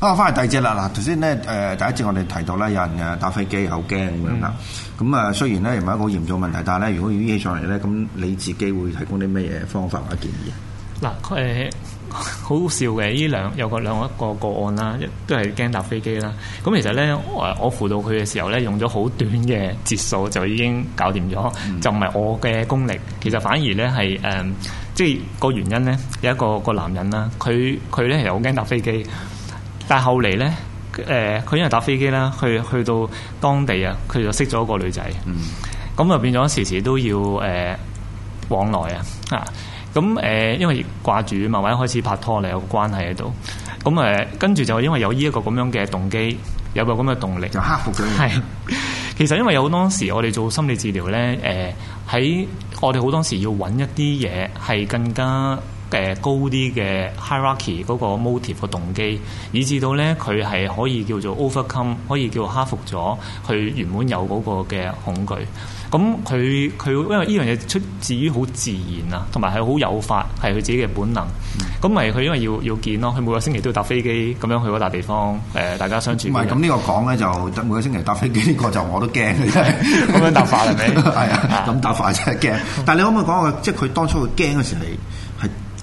啊，翻嚟第二節啦嗱。頭先咧，誒第一節我哋提到啦，有人誒搭飛機好驚咁樣啦。咁啊，雖然咧唔係一個好嚴重問題，但係咧如果要起上嚟咧，咁你自己會提供啲咩嘢方法或者建議啊？嗱、呃，誒好笑嘅，呢兩有個兩一個個案啦，都係驚搭飛機啦。咁其實咧，我輔導佢嘅時候咧，用咗好短嘅節數就已經搞掂咗，嗯、就唔係我嘅功力。其實反而咧係誒，即係個原因咧，有一個一個男人啦，佢佢咧又好驚搭飛機。但後嚟咧，誒、呃、佢因為搭飛機啦，去去到當地、嗯呃、啊，佢就識咗個女仔，咁啊變咗時時都要誒往來啊，啊咁誒，因為掛住啊嘛，慢慢開始拍拖嚟有個關係喺度，咁誒跟住就因為有呢一個咁樣嘅動機，有個咁嘅動力，就克服咗。係，其實因為有好多時我哋做心理治療咧，誒、呃、喺我哋好多時要揾一啲嘢係更加嘅高啲嘅 hierarchy 嗰個 motive 嘅動機，以至到咧佢係可以叫做 overcome，可以叫做克服咗，佢原本有嗰個嘅恐懼。咁佢佢因為呢樣嘢出自於好自然啊，同埋係好有法，係佢自己嘅本能。咁咪佢因為要要見咯，佢每個星期都要搭飛機咁樣去嗰笪地方，誒、呃、大家相處。唔係，咁呢個講咧就，每個星期搭飛機呢個就我都驚，咁 樣搭法係咪？係 啊，咁搭法真係驚。 但係你可唔可以講下，即係佢當初會驚嗰時你？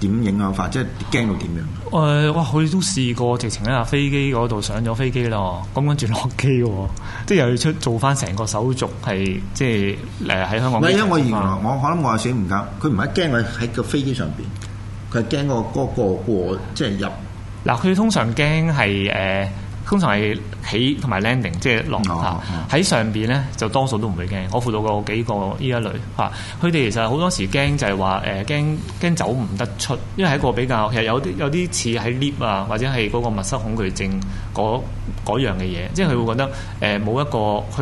點影響法？即係驚到點樣？誒、呃！哇！佢都試過直情喺架飛機嗰度上咗飛機咯，咁跟住落機喎，即係又要出做返成個手續係即係誒喺香港。唔係因為我原來、嗯、我可諗我係選唔夠，佢唔係驚佢喺個飛機上邊，佢係驚個嗰個過,過即係入。嗱，佢通常驚係誒。呃通常係起同埋 landing，即係落嚇。喺、哦、上邊咧就多數都唔會驚。我輔導過幾個呢一類嚇，佢哋其實好多時驚就係話誒驚驚走唔得出，因為喺一個比較其實有啲有啲似喺 lift 啊或者係嗰個密室恐懼症嗰樣嘅嘢，即係佢會覺得誒冇、欸、一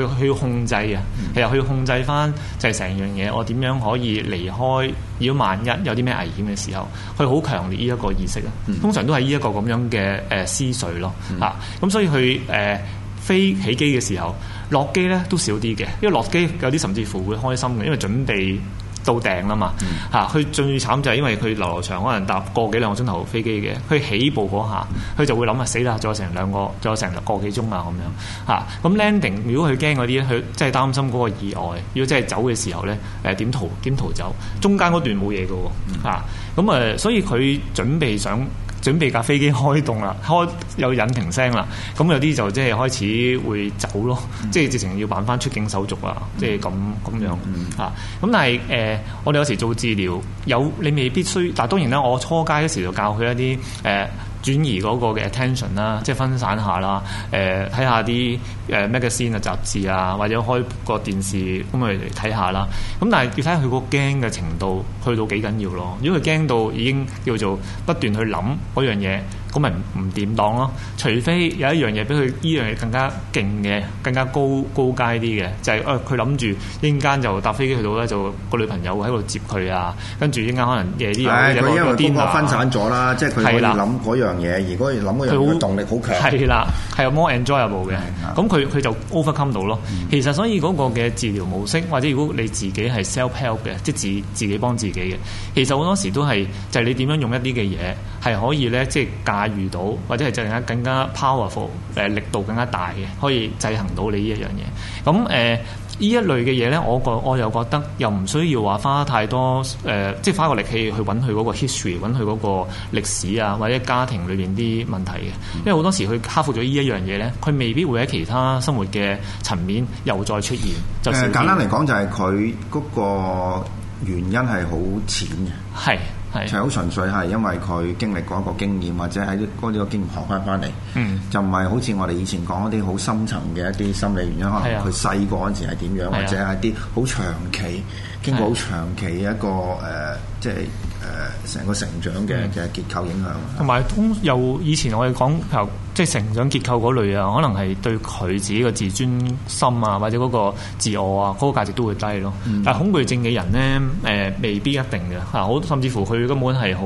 個去去控制啊，嗯、其實去控制翻就係成樣嘢，我點樣可以離開？如果萬一有啲咩危險嘅時候，佢好強烈呢一個意識啊，通常都係呢一個咁樣嘅誒思緒咯嚇，咁、嗯啊、所以佢誒、呃、飛起機嘅時候落機咧都少啲嘅，因為落機有啲甚至乎會開心嘅，因為準備。到頂啦嘛，嚇、嗯！佢最慘就係因為佢流流長可能搭個幾兩個鐘頭飛機嘅，佢起步嗰下，佢就會諗下死啦！仲有成兩個，仲有成個幾鐘啊咁樣嚇。咁 landing 如果佢驚嗰啲，佢真係擔心嗰個意外。如果真係走嘅時候咧，誒、呃、點逃點逃走？中間嗰段冇嘢嘅喎。咁啊、呃，所以佢準備想。準備架飛機開動啦，開有引擎聲啦，咁有啲就即係開始會走咯，嗯、即係直情要辦翻出境手續啦，嗯、即係咁咁樣嚇。咁、嗯嗯啊、但係誒、呃，我哋有時做治療，有你未必需，但係當然啦，我初階嗰時就教佢一啲誒。呃轉移嗰個嘅 attention 啦，即係分散下啦，誒睇下啲誒 magazine 啊雜誌啊，或者開個電視咁咪嚟睇下啦。咁、呃、但係要睇下佢個驚嘅程度去到幾緊要咯。如果佢驚到已經叫做不斷去諗嗰樣嘢，咁咪唔點檔咯？除非有一樣嘢俾佢，依樣嘢更加勁嘅，更加高高階啲嘅，就係、是、誒，佢諗住一陣間就搭飛機去到咧，就個女朋友喺度接佢唉啊。跟住一陣間可能夜啲又會有個癲癲。佢因為嗰個分散咗啦，即係佢會諗嗰樣嘢，如果樣諗嗰佢好動力好強。係啦，係 more enjoyable 嘅。咁佢佢就 overcome 到咯。嗯、其實所以嗰個嘅治療模式，或者如果你自己係 self help 嘅，即係自自己幫自己嘅，其實好多時都係就係你點樣用一啲嘅嘢。係可以咧，即係駕馭到，或者係進行更加 powerful 誒、呃、力度更加大嘅，可以制衡到你呢一樣嘢。咁誒呢一類嘅嘢咧，我覺我又覺得又唔需要話花太多誒、呃，即係花個力氣去揾佢嗰個 history，揾佢嗰個歷史啊，或者家庭裏邊啲問題嘅。因為好多時佢克服咗呢一樣嘢咧，佢未必會喺其他生活嘅層面又再出現。誒、呃、簡單嚟講，就係佢嗰個原因係好淺嘅。係。就係好純粹係因為佢經歷過一個經驗，或者喺啲嗰啲個經驗學翻翻嚟，嗯、就唔係好似我哋以前講一啲好深層嘅一啲心理原因，因可能佢細個嗰陣時係點樣。是的 或者係啲好長期經過好長期一個誒，即係誒。即係呃成個成長嘅嘅結構影響同埋通有由以前我哋講，譬如，即係成長結構類啊，可能係對佢自己嘅自尊心啊，或者個自我啊，嗰個價值都會低咯。嗯、但係恐懼症嘅人咧，誒、呃、未必一定嘅，嗱好甚至乎佢根本係好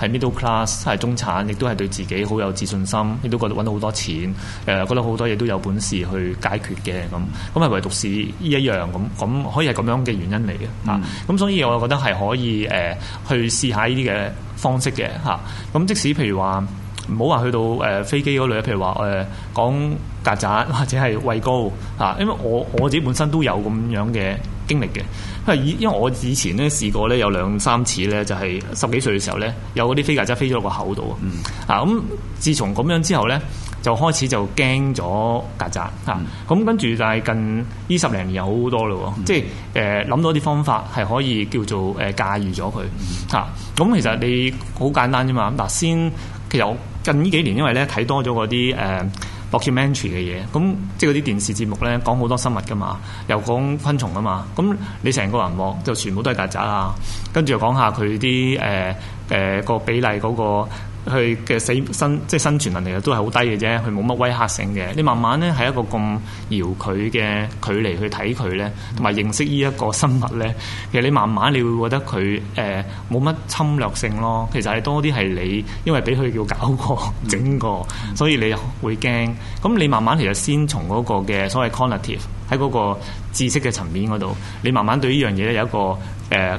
係 middle class，係中產，亦都係對自己好有自信心，亦都覺得揾到好多錢誒、呃、覺得好多嘢都有本事去解決嘅咁。咁係唯獨是呢一樣咁，咁可以係咁樣嘅原因嚟嘅嚇。咁、啊嗯、所以我覺得係可以誒、呃、去試下。呢啲嘅方式嘅吓，咁、啊、即使譬如話唔好話去到誒、呃、飛機嗰類，譬如話誒講曱甴或者係畏高吓、啊，因為我我自己本身都有咁樣嘅經歷嘅，因為以因為我以前咧試過咧有兩三次咧，就係、是、十幾歲嘅時候咧，有嗰啲飛曱甴飛咗落個口度、嗯、啊，啊咁自從咁樣之後咧。就開始就驚咗曱甴嚇，咁跟住就係近二十零年有好多咯，嗯、即係誒諗到啲方法係可以叫做誒駕馭咗佢嚇。咁、呃啊、其實你好簡單啫嘛。嗱、啊，先其實我近呢幾年因為咧睇多咗嗰啲誒 documentary 嘅嘢，咁、啊、即係嗰啲電視節目咧講好多生物噶嘛，又講昆蟲啊嘛，咁、啊、你成個銀幕就全部都係曱甴啊，跟住又講下佢啲誒誒個比例嗰、那個。佢嘅死生即係生存能力都係好低嘅啫，佢冇乜威嚇性嘅。你慢慢咧係一個咁遙距嘅距離去睇佢咧，同埋認識呢一個生物咧，其實你慢慢你會覺得佢誒冇乜侵略性咯。其實係多啲係你因為俾佢叫搞過整過，所以你會驚。咁你慢慢其實先從嗰個嘅所謂 cognitive 喺嗰個知識嘅層面嗰度，你慢慢對呢樣嘢咧有一個誒、呃、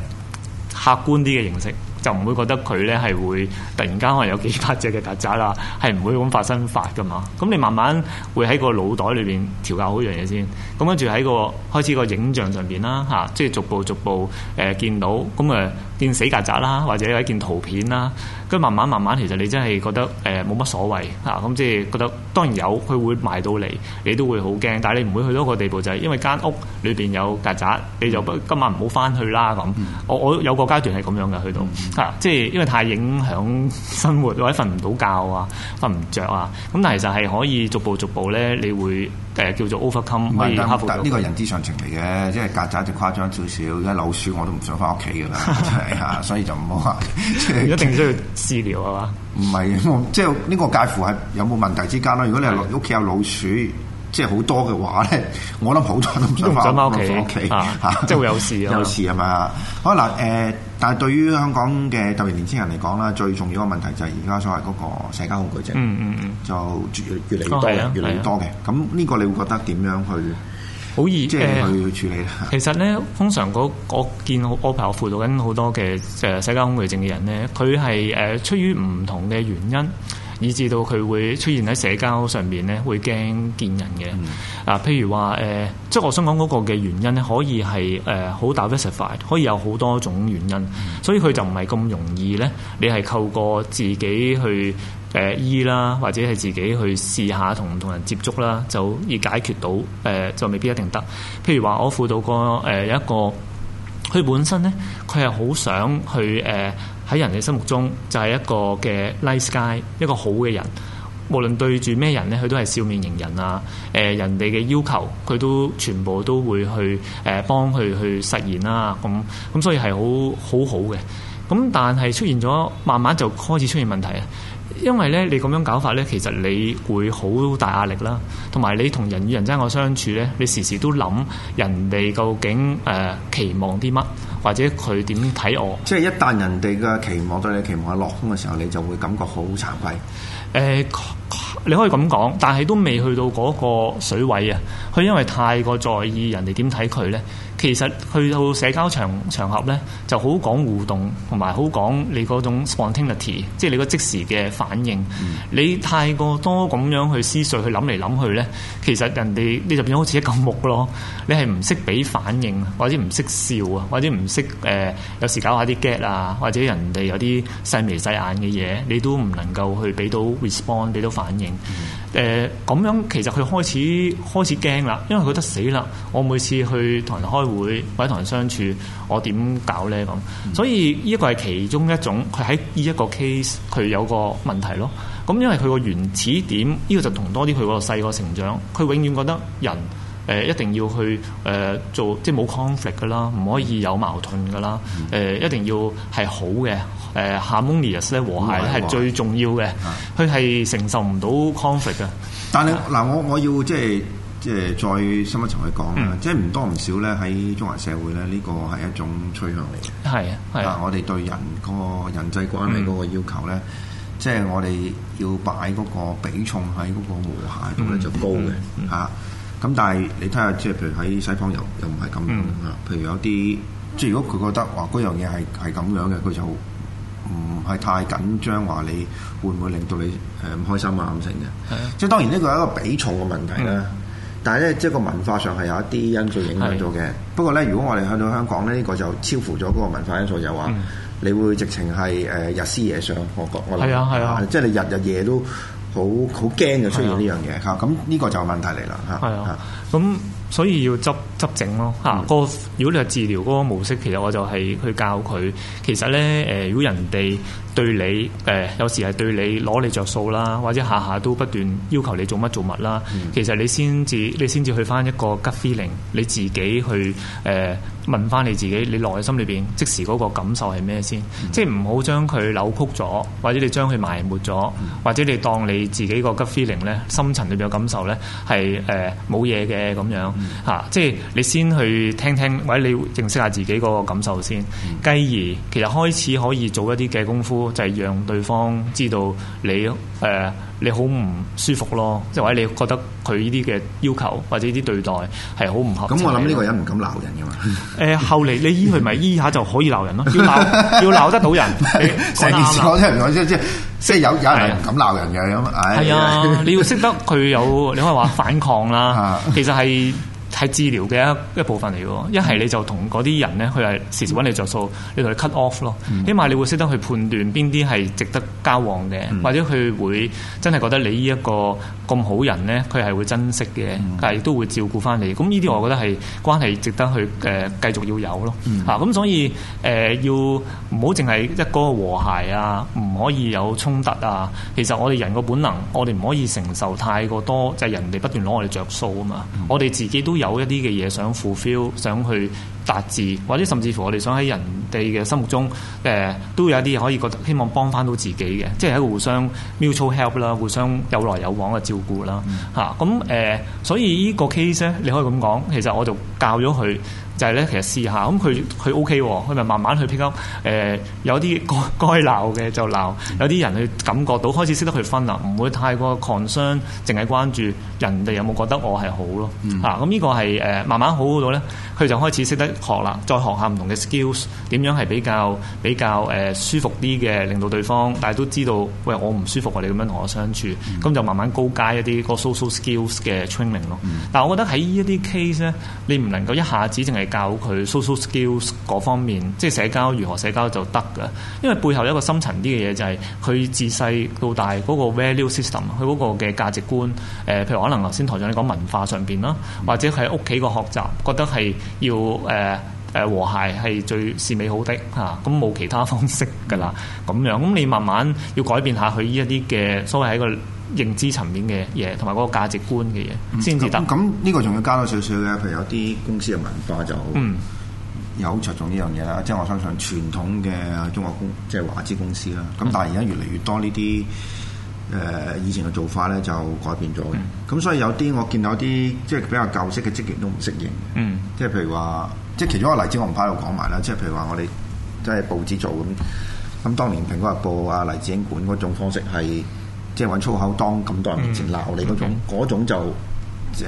客觀啲嘅認識。就唔會覺得佢咧係會突然間可能有幾百隻嘅曱甴啦，係唔會咁發生法㗎嘛。咁你慢慢會喺個腦袋裏邊調教好樣嘢先。咁跟住喺個開始個影像上邊啦，嚇、啊，即係逐步逐步誒、呃、見到咁誒。嗯呃見死曱甴啦，或者有一件圖片啦、啊，跟慢慢慢慢，其實你真係覺得誒冇乜所謂嚇，咁、啊嗯、即係覺得當然有，佢會埋到嚟，你都會好驚，但係你唔會去到一個地步就係因為間屋裏邊有曱甴，你就今晚唔好翻去啦咁、嗯。我我有個階段係咁樣嘅，去到嚇、嗯啊，即係因為太影響生活或者瞓唔到覺啊，瞓唔着啊，咁但係其實係可以逐步逐步咧，你會。誒叫做 overcome，唔係，但呢個人之常情嚟嘅， 即係曱甴就誇張少少，而家老鼠我都唔想返屋企㗎啦，真係嚇， 所以就唔好話。 一定需要治療係嘛？唔係， 即係呢個介乎係有冇問題之間啦。如果你係屋企有老鼠。即係好多嘅話咧，我諗好多想想都唔想翻屋企，啊、即係會有事， 有事係咪啊？好嗱誒、呃，但係對於香港嘅特別年輕人嚟講啦，最重要嘅問題就係而家所謂嗰個社交恐懼症，嗯嗯、就越嚟越嚟越多，哦啊啊、越嚟越多嘅。咁呢個你會覺得點樣去？好易即係、呃、去處理呢，其實咧，通常嗰我見我輔導緊好多嘅誒社交恐懼症嘅人咧，佢係誒出於唔同嘅原因。以至到佢會出現喺社交上面咧，會驚見人嘅。嗯、啊，譬如話誒、呃，即係我想講嗰個嘅原因咧，可以係誒好、呃、diversified，可以有好多種原因，嗯、所以佢就唔係咁容易咧。你係透過自己去誒醫啦，或者係自己去試下同同人接觸啦，就以解決到誒、呃、就未必一定得。譬如話，我輔導過誒有一個佢、呃、本身咧，佢係好想去誒。呃喺人哋心目中就係、是、一個嘅 nice guy，一個好嘅人。無論對住咩人咧，佢都係笑面迎人啊。誒、呃，人哋嘅要求，佢都全部都會去誒幫佢去實現啦。咁、嗯、咁、嗯，所以係好好好嘅。咁、嗯、但係出現咗，慢慢就開始出現問題啊。因為咧，你咁樣搞法咧，其實你會好大壓力啦。同埋你同人與人之間嘅相處咧，你時時都諗人哋究竟誒、呃、期望啲乜，或者佢點睇我？即係一旦人哋嘅期望對你期望落空嘅時候，你就會感覺好慚愧。誒、呃，你可以咁講，但係都未去到嗰個水位啊！佢因為太過在意人哋點睇佢咧。其實去到社交場場合咧，就好講互動，同埋好講你嗰種 spontaneity，即係你個即時嘅反應。嗯、你太過多咁樣去思緒，去諗嚟諗去咧，其實人哋你就變好似一嚿木咯。你係唔識俾反應，或者唔識笑啊，或者唔識誒，有時搞下啲 gag 啊，或者人哋有啲細眉細眼嘅嘢，你都唔能夠去俾到 response，俾到反應。嗯誒咁、呃、樣其實佢開始開始驚啦，因為佢覺得死啦！我每次去同人開會或者同人相處，我點搞呢？咁？所以呢一個係其中一種，佢喺呢一個 case 佢有個問題咯。咁因為佢個原始點，呢、這個就同多啲佢個細個成長，佢永遠覺得人誒、呃、一定要去誒、呃、做即係冇 conflict 嘅啦，唔可以有矛盾嘅啦，誒、呃、一定要係好嘅。誒 harmonious 咧，和諧係最重要嘅，佢係承受唔到 conflict 嘅。但係嗱，我我要即係即係再深一層去講，即係唔多唔少咧喺中華社會咧，呢個係一種趨向嚟嘅。係啊，係。我哋對人嗰個人際關係嗰個要求咧，即係我哋要擺嗰個比重喺嗰個和諧度咧就高嘅嚇。咁但係你睇下，即係譬如喺西方又又唔係咁樣，譬如有啲即係如果佢覺得話嗰樣嘢係係咁樣嘅，佢就好。唔係太緊張，話你會唔會令到你誒唔、呃、開心啊咁成嘅，即係當然呢個係一個比重嘅問題啦。但係咧，即係個文化上係有一啲因素影響咗嘅。不過咧，如果我哋去到香港咧，呢、呢個就超乎咗嗰個文化因素，就話你會直情係誒日思夜想，我覺我係啊係啊，即係、like, 你日日夜都好好驚就出現呢樣嘢嚇。咁呢個，個就有問題嚟啦嚇。係啊，咁。所以要執執整咯吓，個如果你係治療嗰個模式，其實我就係去教佢。其實咧誒、呃，如果人哋。對你誒、呃，有時係對你攞你着數啦，或者下下都不斷要求你做乜做乜啦。Mm. 其實你先至你先至去翻一個急 feeling，你自己去誒、呃、問翻你自己，你內心裏邊即時嗰個感受係咩先？Mm. 即係唔好將佢扭曲咗，或者你將佢埋沒咗，mm. 或者你當你自己個急 feeling 咧，深層裏邊嘅感受咧係誒冇嘢嘅咁樣嚇、mm. 啊。即係你先去聽聽，或者你認識下自己個感受先。繼而、mm. 其實開始可以做一啲嘅功夫。就係讓對方知道你誒、呃、你好唔舒服咯，即係或者你覺得佢呢啲嘅要求或者呢啲對待係好唔合。咁、嗯、我諗呢個人唔敢鬧人㗎嘛。誒、 呃、後嚟你醫佢咪醫下就可以鬧人咯， 要鬧要鬧得到人，成 件事我真係唔知即係即係有有人唔敢鬧人嘅咁。係啊、哎、呀啊，你要識得佢有你可以話反抗啦， 其實係。係治療嘅一一部分嚟嘅，一係你就同嗰啲人咧，佢係時時揾你着數，嗯、你同佢 cut off 咯。嗯、起碼你會識得去判斷邊啲係值得交往嘅，嗯、或者佢會真係覺得你呢一個咁好人咧，佢係會珍惜嘅，嗯、但係亦都會照顧翻你。咁呢啲我覺得係關係值得去誒、呃、繼續要有咯。嗱、嗯，咁、啊、所以誒、呃、要唔好淨係一個和諧啊，唔可以有衝突啊。其實我哋人個本能，我哋唔可以承受太過多，就係、是、人哋不斷攞我哋着數啊嘛。我哋自己都有。有一啲嘅嘢想 fulfill，想去達至，或者甚至乎我哋想喺人哋嘅心目中，誒、呃、都有一啲可以覺得希望幫翻到自己嘅，即係喺互相 mutual help 啦，互相有來有往嘅照顧啦，嚇咁誒，所以呢個 case 咧，你可以咁講，其實我就教咗佢。就係咧，其實試下咁佢佢 O K 喎，佢咪慢慢去比較誒，有啲該鬧嘅就鬧，有啲人去感覺到開始識得去分啦，唔會太過 concern，淨係關注人哋有冇覺得我係好咯。啊，咁呢個係誒慢慢好嗰度咧，佢就開始識得學啦，再學下唔同嘅 skills，點樣係比較比較誒舒服啲嘅，令到對方但係都知道，喂，我唔舒服啊，你咁樣同我相處，咁就慢慢高階一啲個 social skills 嘅 training 咯。但係我覺得喺呢一啲 case 咧，你唔能夠一下子淨係。教佢 social skills 嗰方面，即係社交如何社交就得嘅。因為背後一個深層啲嘅嘢就係、是、佢自細到大嗰個 value system，佢嗰個嘅價值觀誒、呃，譬如可能頭先台長你講文化上邊啦，或者喺屋企個學習覺得係要誒。呃誒和諧係最是美好的吓，咁、啊、冇其他方式㗎喇，咁樣咁你慢慢要改變下佢呢一啲嘅，所謂喺個認知層面嘅嘢，同埋嗰個價值觀嘅嘢先至得。咁呢、嗯行嗯這個仲要加多少少嘅，譬如有啲公司嘅文化就有着重呢樣嘢啦。即係、嗯、我相信傳統嘅中國公，即、就、係、是、華資公司啦。咁、嗯、但係而家越嚟越多呢啲誒以前嘅做法咧，就改變咗嘅。咁、嗯、所以有啲我見到啲即係比較舊式嘅職員都唔適應。嗯，即係譬如話。即係其中一個例子，我唔怕喺度講埋啦。即係譬如話，我哋即係報紙做咁，咁當年蘋果日報啊、黎智英管嗰種方式係，即係揾粗口當咁多人面前鬧你嗰種，嗰、嗯、種就即係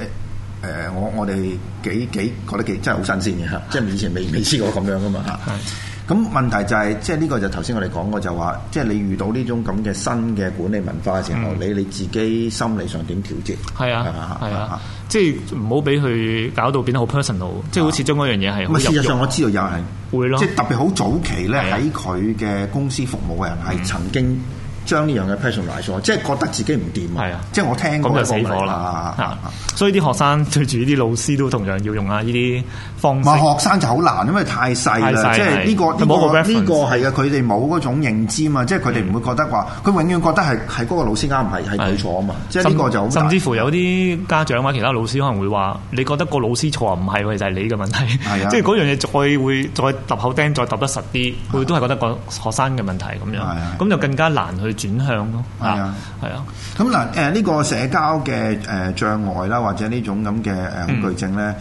誒，我我哋幾幾覺得幾真係好新鮮嘅嚇，即係、嗯、以前未未、嗯、試過咁樣㗎嘛嚇。嗯嗯咁問題就係、是，即係呢個就頭先我哋講過，就話，即係你遇到呢種咁嘅新嘅管理文化嘅時候，你、嗯、你自己心理上點調節？係啊，係吧啊，係啊，啊即係唔、啊、好俾佢搞到變得好 personal，即係好似將嗰樣嘢係。咁。事實上我知道有人會咯，即係特別好早期咧，喺佢嘅公司服務嘅人係曾經。嗯嗯將呢樣嘅 personalize，即係覺得自己唔掂。係啊，即係我聽嗰死火啦，所以啲學生對住啲老師都同樣要用啊呢啲方法。唔，學生就好難，因為太細啦，即係呢個呢個呢係佢哋冇嗰種認知啊嘛，即係佢哋唔會覺得話，佢永遠覺得係係嗰個老師啱，唔係佢錯啊嘛。即係呢個就甚至乎有啲家長或者其他老師可能會話，你覺得個老師錯啊，唔係喎，就係你嘅問題。係啊，即係嗰樣嘢再會再揼口釘，再揼得實啲，佢都係覺得個學生嘅問題咁樣。係啊，咁就更加難去。轉向咯，係啊，係啊。咁嗱、啊，誒呢、呃這個社交嘅誒障礙啦，或者呢種咁嘅誒恐懼症咧，誒、呃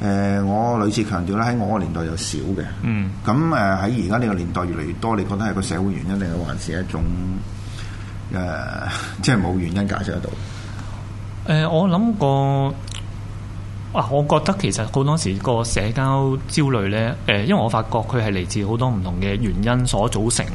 嗯呃、我屢次強調啦，喺我個年代就少嘅。嗯。咁誒喺而家呢個年代越嚟越多，你覺得係個社會原因定係還是一種誒、呃、即係冇原因解釋得到？誒、呃，我諗過。啊，我覺得其實好多時個社交焦慮呢，誒、呃，因為我發覺佢係嚟自好多唔同嘅原因所組成嘅。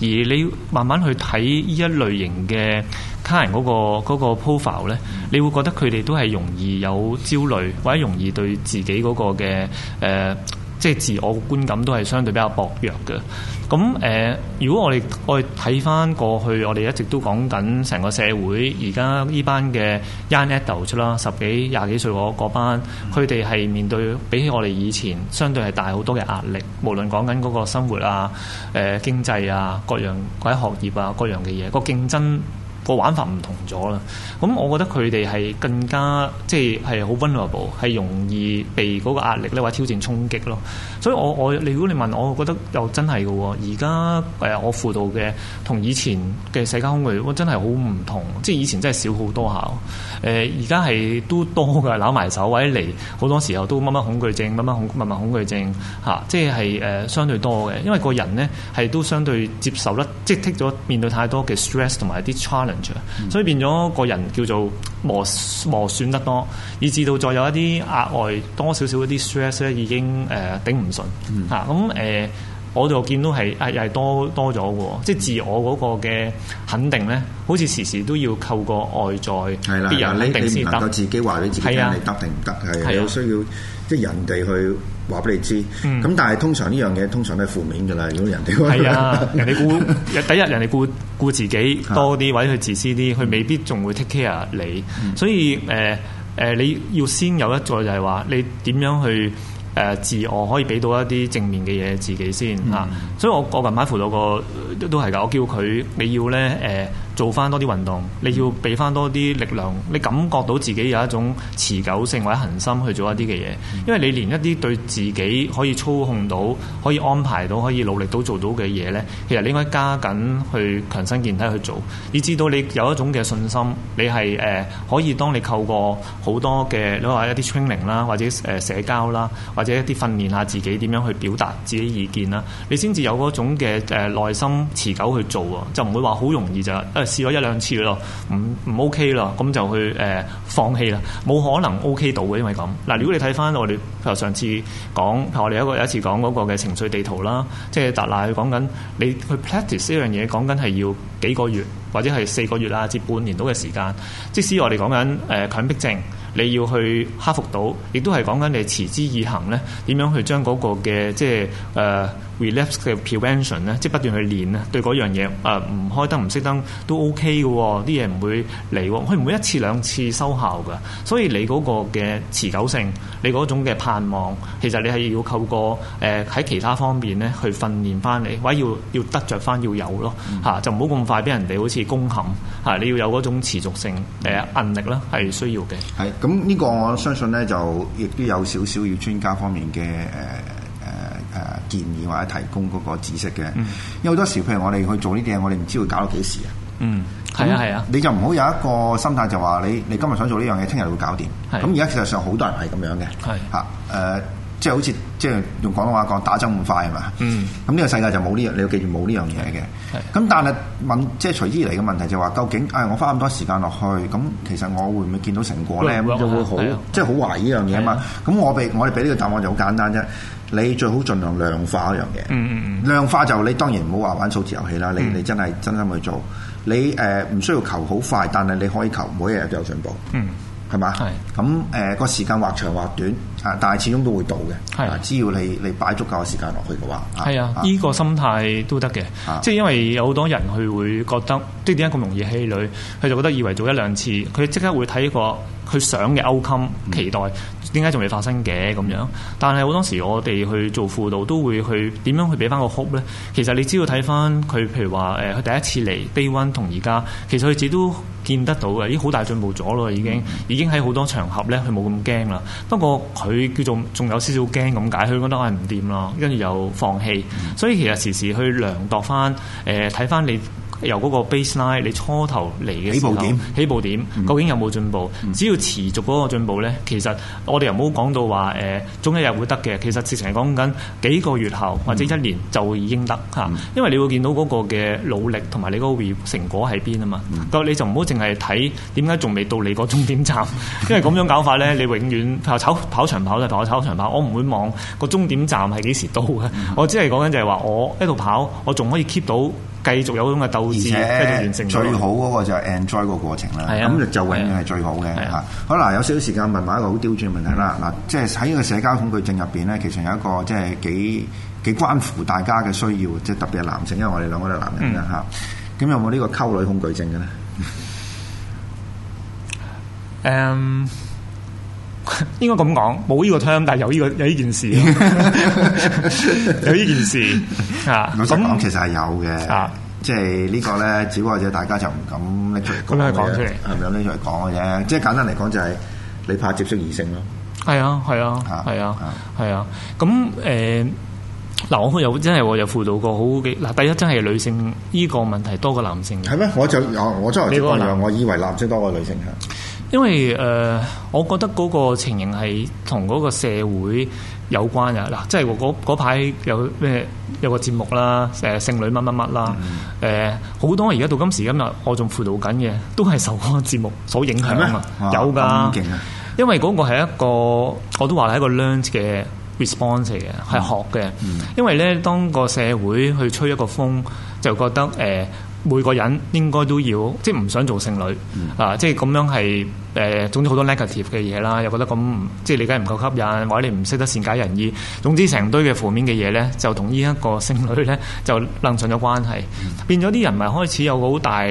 而你慢慢去睇呢一類型嘅卡人嗰、嗰個嗰個 profile 呢，你會覺得佢哋都係容易有焦慮，或者容易對自己嗰個嘅誒、呃，即係自我觀感都係相對比較薄弱嘅。咁誒、呃，如果我哋我哋睇翻過去，我哋一直都講緊成個社會，而家呢班嘅 young adults 出啦，十幾廿幾歲嗰班，佢哋係面對比起我哋以前相對係大好多嘅壓力，無論講緊嗰個生活啊、誒、呃、經濟啊、各樣嗰啲學業啊、各樣嘅嘢，個競爭。個玩法唔同咗啦，咁我覺得佢哋係更加即係係好 vulnerable，係容易被個壓力咧或者挑戰衝擊咯。所以我我你如果你問我，我覺得又真係嘅喎。而家誒我輔導嘅同以前嘅社交恐懼，我真係好唔同。即係以前真係少好多下，誒而家係都多嘅，攬埋手位嚟，好多時候都乜乜恐懼症，乜乜恐乜乜恐懼症吓、啊，即係係誒相對多嘅。因為個人咧係都相對接受得即係剔咗面對太多嘅 stress 同埋啲 challenge。嗯、所以變咗個人叫做磨磨損得多，以至到再有一啲額外多少少嗰啲 stress 咧，已經誒、呃、頂唔順嚇。咁誒、嗯啊嗯呃，我就見到係誒又係多多咗嘅，即係自我嗰個嘅肯定咧，好似時時都要透過外在，係啦，啦定你定先能夠自己話俾自、啊、自己聽你行行，啊啊啊、你得定唔得係有需要，即係人哋去。話俾你知，咁但係通常呢樣嘢通常都係負面噶啦。如果人哋係啊， 人哋顧第一人哋顧顧自己多啲，或者佢自私啲，佢未必仲會 take care 你。嗯、所以誒誒、呃呃，你要先有一再就係、是、話你點樣去誒、呃、自我可以俾到一啲正面嘅嘢自己先、嗯、啊。所以我我近排輔導個都都係噶，我叫佢你要咧誒。呃做翻多啲運動，你要俾翻多啲力量，你感覺到自己有一種持久性或者恒心去做一啲嘅嘢。因為你連一啲對自己可以操控到、可以安排到、可以努力到做到嘅嘢呢，其實你應該加緊去強身健體去做，以至到你有一種嘅信心，你係誒、呃、可以當你透過好多嘅，你話一啲 training 啦，或者誒、呃、社交啦，或者一啲訓練下自己點樣去表達自己意見啦，你先至有嗰種嘅誒耐心持久去做喎，就唔會話好容易就。呃試咗一兩次咯，唔唔 OK 咯，咁就去誒、呃、放棄啦，冇可能 OK 到嘅，因為咁。嗱，如果你睇翻我哋譬如上次講，我哋有一個有一次講嗰個嘅情緒地圖啦，即係達賴佢講緊，你去 practice 呢樣嘢，講緊係要。幾個月或者係四個月啊，至半年到嘅時間，即使我哋講緊誒強迫症，你要去克服到，亦都係講緊你持之以恒咧。點樣去將個嘅即係誒 relapse 嘅 prevention 咧，即係、呃、不斷去練啊，對樣嘢誒唔開燈唔熄燈都 OK 嘅喎，哦，啲嘢唔會嚟喎，佢唔會一次兩次收效㗎。所以你個嘅持久性，你種嘅盼望，其實你係要透過誒喺其他方面咧去訓練翻你，或者要要得着翻要有咯吓，就唔好咁快。賣俾人哋好似公行，係你要有嗰種持續性誒韌力啦，係需要嘅。係咁呢個我相信咧，就亦都有少少要專家方面嘅誒誒誒建議或者提供嗰個知識嘅。因為好多時譬如我哋去做呢啲嘢，我哋唔知會搞到幾時、嗯、啊。嗯那，係啊，係啊。你就唔好有一個心態就話你你今日想做呢樣嘢，聽日會搞掂。咁而家事實上好多人係咁樣嘅。係、啊。嚇誒、啊。即係好似即係用廣東話講打針咁快啊嘛。嗯。咁呢個世界就冇呢樣，你要記住冇呢樣嘢嘅。咁但係問，即係隨之而嚟嘅問題就話，究竟誒我花咁多時間落去，咁其實我會唔會見到成果咧？就會好，即係好懷疑呢樣嘢啊嘛。咁我哋我哋俾呢個答案就好簡單啫。你最好儘量量化一樣嘢。嗯嗯嗯。量化就你當然唔好話玩數字遊戲啦。你你真係真心去做。你誒唔需要求好快，但係你可以求每一日都有進步。嗯。係嘛？係。咁誒個時間劃長劃短。啊！但係始終都會到嘅，係、啊、只要你你擺足夠嘅時間落去嘅話，係啊，呢、啊、個心態都得嘅，啊、即係因為有好多人佢會覺得，即係點解咁容易氣餒？佢就覺得以為做一兩次，佢即刻會睇過。佢想嘅 outcome 期待，點解仲未發生嘅咁樣？但係好多時我哋去做輔導都會去點樣去俾翻個 hope 咧？其實你知道，睇翻佢，譬如話誒，佢第一次嚟低温同而家，其實佢自己都見得到嘅，已經好大進步咗咯，已經已經喺好多場合咧，佢冇咁驚啦。不過佢叫做仲有少少驚咁解，佢覺得我係唔掂啦，跟住又放棄。所以其實時時去量度翻誒，睇、呃、翻你。由嗰個 baseline，你初頭嚟嘅起步點，起步點，究竟有冇進步？只要持續嗰個進步呢，其實我哋又冇講到話誒，終一日會得嘅。其實直情係講緊幾個月後或者一年就會已經得嚇，因為你會見到嗰個嘅努力同埋你嗰個成果喺邊啊嘛。咁你就唔好淨係睇點解仲未到你個終點站，因為咁樣搞法呢，你永遠跑跑長跑就係跑長跑，我唔會望個終點站係幾時到嘅。我只係講緊就係話，我喺度跑，我仲可以 keep 到。繼續有咁嘅鬥志，而且 繼續完成最好嗰個就係 enjoy 個過程啦。咁的就永遠係最好嘅嚇。好啦，有少少時間問下一個好刁鑽嘅問題啦。嗱的，即係喺個社交恐懼症入邊咧，其實有一個即係幾幾關乎大家嘅需要，即係特別係男性，因為我哋兩個都係男人啦嚇。咁的、嗯、有冇呢個溝女恐懼症嘅咧？誒、嗯。 應該咁講，冇呢個 term，這個，但係有呢個 有呢件事，有呢件事啊。老實講，其實係有嘅，啊、即係呢個咧，只不過大家就唔敢拎出嚟講嘅啫。係咪拎出嚟講嘅啫？即係簡單嚟講，就是，就係你怕接觸異性咯。係啊，係啊，係啊，係啊。咁誒、啊，嗱、呃，我有真係我有輔導過好幾嗱。第一真係女性呢個問題多過男性。嘅。係咩？我就我我作為中國人，我以為男性多過女性吓。因為誒、呃，我覺得嗰個情形係同嗰個社會有關嘅嗱，即係嗰排有咩有個節目啦，誒、呃、剩女乜乜乜啦，誒好、嗯呃、多而家到今時今日，我仲輔導緊嘅，都係受嗰個節目所影響啊嘛，有㗎，因為嗰個係一個我都話係一個 learn 嘅 response 嚟嘅，係學嘅，因為咧當個社會去吹一個風，就覺得誒、呃、每個人應該都要即係唔想做剩女啊，即係咁樣係。誒、呃、總之好多 negative 嘅嘢啦，又覺得咁即係理解唔夠吸引，或者你唔識得善解人意。總之成堆嘅負面嘅嘢咧，就同呢一個剩女咧就淪上咗關係，mm hmm. 變咗啲人咪開始有好大、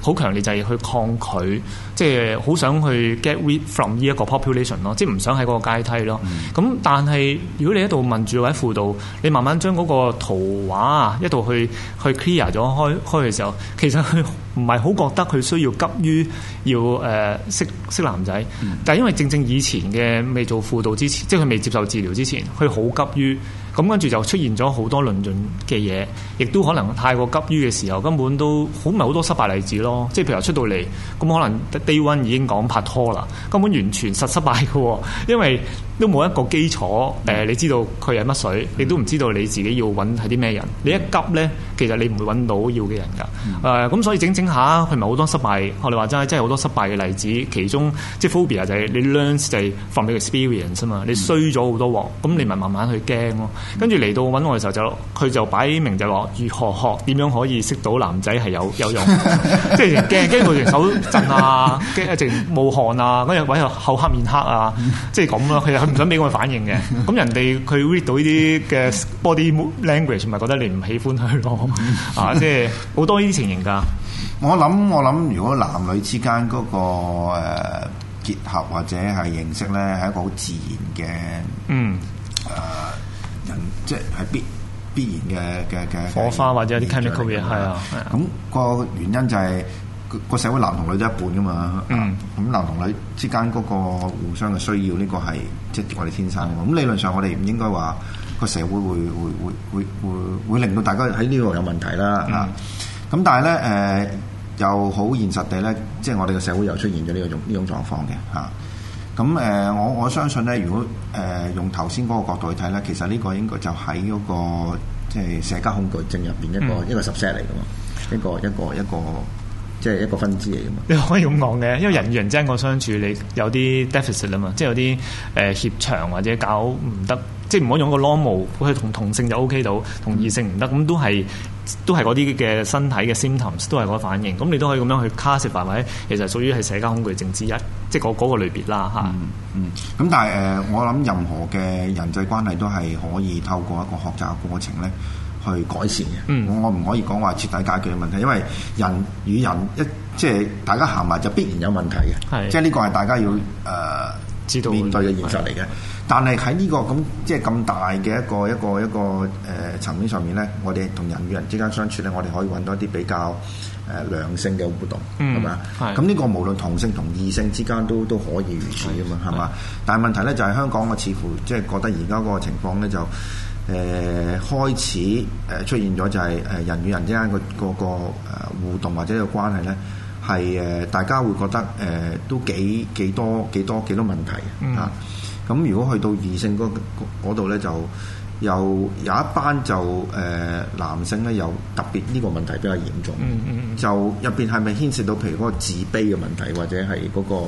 好強烈就係去抗拒，即係好想去 get rid from 呢一個 population 咯，即係唔想喺嗰個階梯咯。咁、mm hmm. 但係如果你喺度問住或者輔導，你慢慢將嗰個圖畫啊，一度去去 clear 咗開開嘅時候，其實佢。唔係好覺得佢需要急於要，誒、呃、識識男仔，嗯、但係因為正正以前嘅未做輔導之前，即係佢未接受治療之前，佢好急於。咁跟住就出現咗好多論盡嘅嘢，亦都可能太過急於嘅時候，根本都好唔係好多失敗例子咯。即係譬如出到嚟，咁可能第一溫已經講拍拖啦，根本完全實失敗嘅，因為都冇一個基礎。誒、嗯呃，你知道佢係乜水，嗯、你都唔知道你自己要揾係啲咩人。嗯、你一急咧，其實你唔會揾到要嘅人㗎。誒、呃，咁所以整整下，佢咪好多失敗。我哋話齋，真係好多失敗嘅例子。其中即係 phobia 就係你 learn 就係 from 你 experience 啊嘛。你衰咗好多鑊，咁你咪慢慢去驚咯。跟住嚟到揾我嘅時候就，佢就擺明就話如何學點樣可以識到男仔係有有用，即係驚驚佢隻手震啊，驚一直冒汗啊，跟住揾個口黑面黑啊，即係咁咯。佢又唔想俾我反應嘅。咁人哋佢 read 到呢啲嘅 body language，咪覺得你唔喜歡佢咯？啊，即係好多呢啲情形噶。我諗我諗，如果男女之間嗰、嗰個誒、呃、結合或者係認識咧，係一個好自然嘅嗯誒。即係必必然嘅嘅嘅火花或者有啲 chemical 嘢係啊，咁、啊、個原因就係、是、個社會男同女都一半噶嘛，嗯，咁男同女之間嗰個互相嘅需要呢個係即係我哋天生嘅，咁理論上我哋唔應該話個社會會會會會會會令到大家喺呢度有問題啦，嗯、啊，咁但係咧誒又好現實地咧，即係我哋嘅社會又出現咗呢個種呢種狀況嘅吓。啊。咁誒、呃，我我相信咧，如果誒、呃、用頭先嗰個角度去睇咧，其實呢個應該就喺嗰個即係、就是、社交恐懼症入邊一個、嗯、一個 subset 嚟噶嘛，一個一個一個即係、就是、一個分支嚟噶嘛。你可以咁講嘅，因為人與人之間個相處，你有啲 deficit 啊嘛，即係有啲誒、呃、協長或者搞唔得，即係唔好用個 normal，佢同同性就 OK 到，同異性唔得，咁都係。都係嗰啲嘅身體嘅 symptoms，都係嗰反應。咁你都可以咁樣去 classify，或者其實屬於係社交恐懼症之一，即係嗰嗰個類別啦嚇。嗯嗯。咁但係誒、呃，我諗任何嘅人際關係都係可以透過一個學習過程咧去改善嘅。嗯。我唔可以講話徹底解決嘅問題，因為人與人一即係大家行埋就必然有問題嘅。係是。即係呢個係大家要誒、呃、知道面對嘅現實嚟嘅。但係喺呢個咁即係咁大嘅一個一個一個誒、呃、層面上面咧，我哋同人與人之間相處咧，我哋可以搵到一啲比較誒、呃、良性嘅互動，係嘛？咁呢個無論同性同異性之間都都可以如此啊嘛，係嘛？但係問題咧就係、是、香港嘅似乎即係覺得而家嗰個情況咧就誒、呃、開始誒出現咗就係誒人與人之間個個,個互動或者個關係咧係誒大家會覺得誒、呃、都幾幾多幾多,幾多,幾,多幾多問題啊？咁如果去到異性嗰度咧，就有有一班就誒、呃、男性咧，又特別呢、呢個問題比較嚴重。嗯嗯，就入邊係咪牽涉到譬如嗰個自卑嘅問題，或者係嗰、嗰個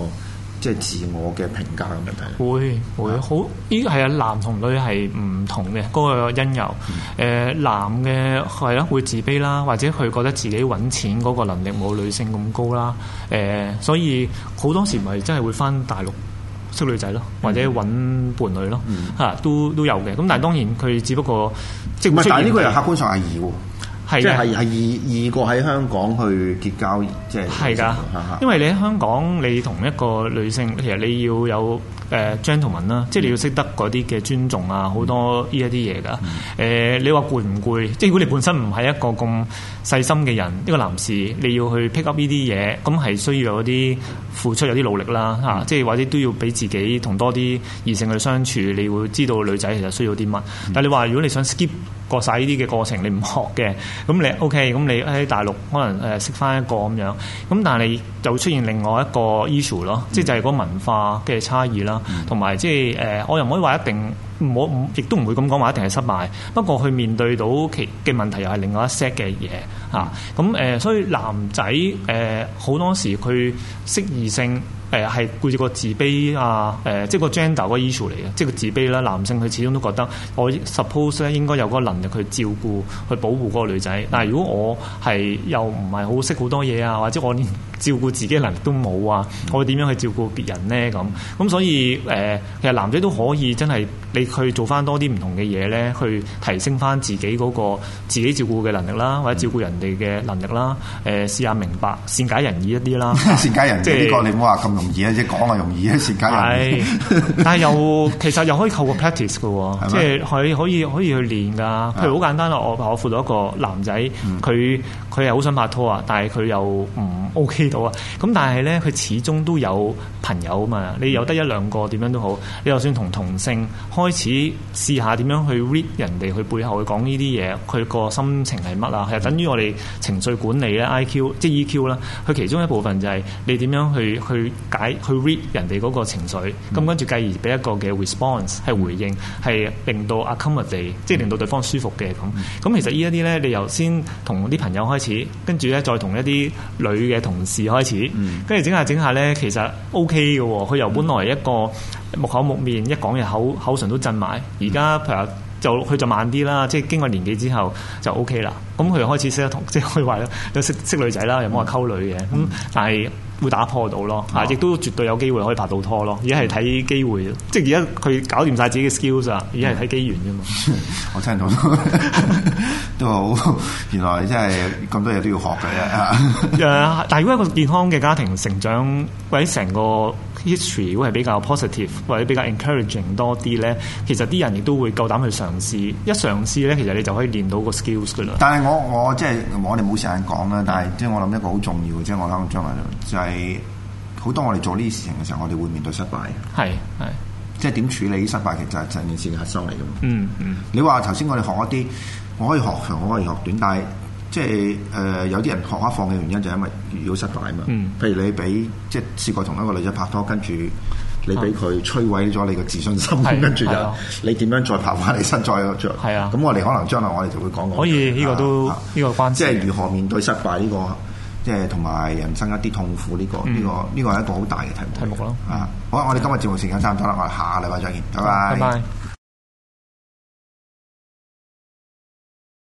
即係自我嘅評價嘅問題會？會會、啊、好呢個係男同女係唔同嘅嗰個因由。誒、嗯呃、男嘅係咯，會自卑啦，或者佢覺得自己揾錢嗰個能力冇女性咁高啦。誒、呃、所以好多時咪真係會翻大陸。出女仔咯，或者揾伴侶咯，吓、嗯、都都有嘅。咁但係當然佢只不過，唔係、嗯，即不但係呢個係客觀上係異喎。即係係係易易過喺香港去結交，即係嚇嚇。的嗯、因為你喺香港，你同一個女性，其實你要有誒、uh, gentleman 啦，即係你要識得嗰啲嘅尊重啊，好多呢一啲嘢噶。誒、嗯呃，你話攰唔攰？即係如果你本身唔係一個咁細心嘅人，一個男士，你要去 pick up 呢啲嘢，咁係需要有啲付出，有啲努力啦嚇、嗯啊。即係或者都要俾自己同多啲異性去相處，你會知道女仔其實需要啲乜。但係你話如果你想 skip，過晒呢啲嘅過程，你唔學嘅，咁你 OK，咁你喺大陸可能誒、呃、識返一個咁樣，咁但係你就出現另外一個 issue 咯，即係就係、是、個文化嘅差異啦，同埋即係誒，我又唔可以話一定唔可，亦都唔會咁講話一定係失敗。不過佢面對到其嘅問題又係另外一 set 嘅嘢吓，咁、啊、誒、呃，所以男仔誒好多時佢適宜性。誒係顧住個自卑啊！誒、呃，即係個 gender 嗰個 issue 嚟嘅，即係個自卑啦。男性佢始終都覺得，我 suppose 咧應該有嗰個能力去照顧、去保護嗰個女仔。但係如果我係又唔係好識好多嘢啊，或者我照顧自己能力都冇啊！我點樣去照顧別人呢？咁咁所以誒、呃，其實男仔都可以真係你去做翻多啲唔同嘅嘢咧，去提升翻自己嗰、那個自己照顧嘅能力啦，或者照顧人哋嘅能力啦。誒、呃，試下明白善解人意一啲啦，善解人意。即係呢個你唔好話咁容易啊，即講啊容易啊，善解人意。就是、但係又 其實又可以靠個 practice 嘅喎，嗎即係佢可以可以去練㗎。譬如好簡單啦、嗯，我我輔咗一個男仔佢。嗯佢係好想拍拖啊，但係佢又唔、嗯、OK 到啊。咁但係咧，佢始終都有朋友啊嘛。你有得一兩個點樣都好。你就算同同性開始試下點樣去 read 人哋，佢背後去講呢啲嘢，佢個心情係乜啊？係等於我哋情緒管理咧，I.Q. 即 E.Q. 啦。佢其中一部分就係你點樣去去解去 read 人哋個情緒，咁跟住繼而俾一個嘅 response 係回應係令到 accommodate，即係令到對方舒服嘅咁。咁其實依一啲咧，你由先同啲朋友開。始跟住咧，再同一啲女嘅同事開始，跟住整下整下咧，其實 O K 嘅喎。佢由本來一個木口木面，一講嘢口口唇都震埋，而家譬如就佢就慢啲啦，即係經過年紀之後就 O K 啦。咁佢開始識得同即係開懷啦，又識識女仔啦，又冇話溝女嘅咁，嗯嗯、但係。會打破到咯，啊！亦都絕對有機會可以拍到拖咯，而家係睇機會，即係而家佢搞掂晒自己嘅 skills 啊，而家係睇機緣啫嘛、嗯。我聽到 都好，原來真係咁多嘢都要學嘅 但係如果一個健康嘅家庭成長，或者成個 history 會係比較 positive 或者比較 encouraging 多啲咧，其實啲人亦都會夠膽去嘗試。一嘗試咧，其實你就可以練到個 skills 噶啦。但係我我即係我哋冇時間講啦。但係即係我諗一個好重要嘅，即係我諗將來就係、是。係好多我哋做呢啲事情嘅時候，我哋會面對失敗。係係，即係點處理呢啲失敗，其實係成件事嘅核心嚟噶嘛。嗯嗯，你話頭先我哋學一啲，我可以學長，我可以學短，但係即係誒、呃、有啲人學一放嘅原因就係因爲如果失敗啊嘛。嗯、譬如你俾即係試過同一個女仔拍拖，跟住你俾佢摧毀咗你嘅自信心，啊、跟住就你點樣再爬翻起身，再着？係啊？咁我哋可能將來我哋就會講講。啊、可以呢個都呢、啊啊、個關係即係如何面對失敗呢、這個。即係同埋人生一啲痛苦呢、嗯這個呢、這個呢個係一個好大嘅題目咯啊！題目好，我哋今日節目時間差唔多啦，我哋下個禮拜再見，拜拜。拜拜。